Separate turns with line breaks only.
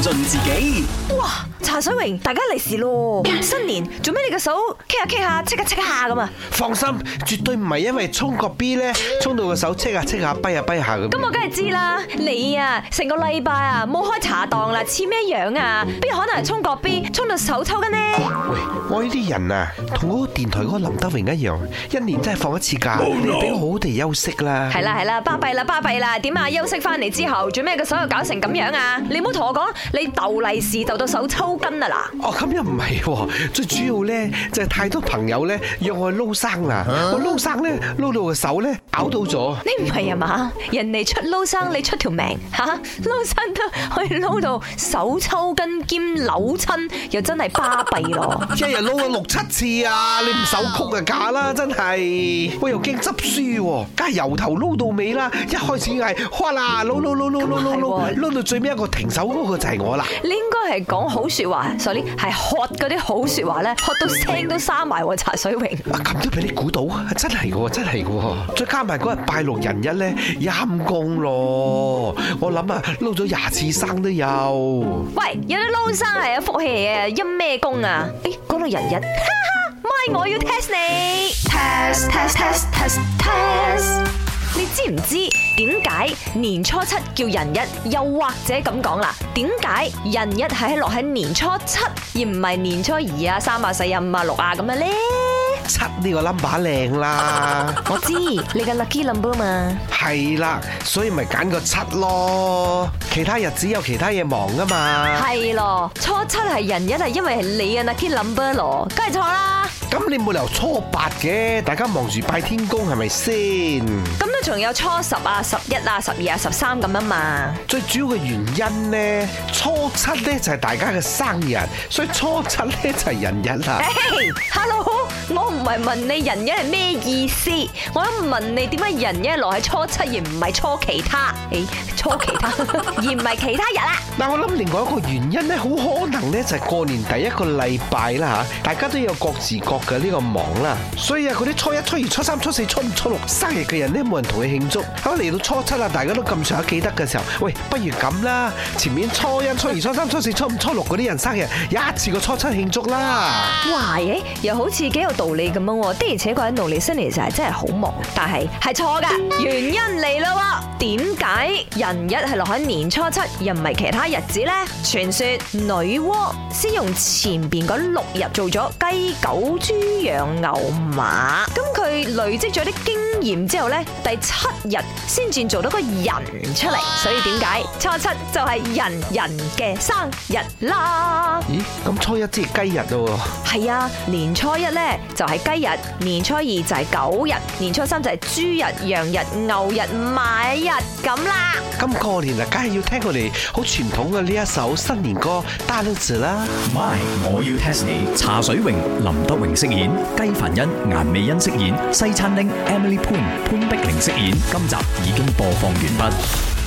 盡自己哇！茶水榮，大家利是咯，新年做咩？你個手 k 下 k 下，che 下 che 下咁啊！打開打開打開，放
心，絕對唔係因為沖個 B 咧，沖到個手 che 下 che 下，跛下跛下咁。咁我
梗係知啦，你啊，成個禮拜啊冇開茶檔啦，似咩樣啊？邊可能係沖個 B，沖到手抽筋呢？
喂，我呢啲人啊，同嗰個電台嗰個林德榮一樣，一年真係放一次假，你俾我好好地休息啦。係
啦係啦，巴閉啦巴閉啦，點啊？休息翻嚟之後，做咩個所有搞成咁樣啊？你唔好同我講。你逗利是斗到手抽筋啊嗱！
哦，咁又唔係，最主要咧就係太多朋友咧約我撈生啦，我撈生咧撈到個手咧拗到咗。你唔係啊
嘛？人哋出撈生，你出條命吓？撈生都可以撈到手抽筋、兼扭親，又真係巴閉咯！一日撈個六七
次啊，你唔手曲啊，
假啦，真
係。喂，又驚執輸，梗係由頭撈到尾啦！一開始係嘩啦撈撈撈撈撈撈撈，到，到，到，到，到，到最尾一個停手撈嘅就係我啦，你
應該係講好說話，所以係學嗰啲好說話咧，學到聲都沙埋喎，茶水榮啊，
咁都俾你估到，真係噶，真係噶，再加埋嗰日拜六人日咧陰功咯，我諗啊撈咗廿次生都有，
喂，有得撈生係福氣啊，陰咩功啊？誒，講到人日，my 我要 test 你，test test test test。唔知點解年初七叫人一，又或者咁講啦，點解人一喺喺落喺年初七而唔係年初二啊、三啊、四啊、五啊、六啊咁樣咧？七呢個 number 靚啦，我知你嘅 lucky number 嘛，係啦，所以咪揀個七
咯，其他日子有其他嘢忙啊嘛。係
咯，初七係人一，係因為你嘅 lucky number 咯梗 e t 錯啦。
咁你冇留初八嘅，大家忙住拜天公係咪先？
咁都仲有初十啊、十一啊、十二啊、十三咁啊嘛。最主要嘅原因咧，初七咧就係大家嘅生日，
所以初七咧就係人日啦。誒
，Hello，我唔係問你人日係咩意思，我想問你點解人日留喺初七而唔係初其他？誒、欸，初其他而唔係其他日啦。
嗱，我諗另外一個原因咧，好可能咧就係過年第一個禮拜啦吓，大家都有各自。國嘅呢個忙啦，所以啊，嗰啲初一、初二、初三、初四、初五、初六生日嘅人咧，冇人同佢慶祝。咁嚟到初七啦，大家都咁想記得嘅時候，喂，不如咁啦，前面初一、初二、初三、初四、初五、初六嗰啲人生日，一
次過初七慶祝啦。哇，誒，又好似幾有道理咁樣喎。的而且確喺農曆新年時係真係好忙，但係係錯嘅原因嚟咯。點解人日係落喺年初七，又唔係其他日子咧？傳說女媧先用前邊嗰六日做咗雞狗。豬羊牛馬，咁佢累積咗啲經驗之後咧，第七日先至做到個人出嚟，所以點解初七就係人人嘅生日啦？
咦，咁初一即係雞日咯？
係啊，年初一咧就係雞日，年初二就係狗日，年初三就係豬日、羊日、牛日、馬日咁啦。
咁過年啊，梗係要聽我哋，好傳統嘅呢一首新年歌《Dance》啦。My，
我要 Test 你。Test 茶水榮、林德榮飾演，雞凡欣、顏美欣飾演，西餐廳 Emily Poon 潘潘碧玲飾演。今集已經播放完畢。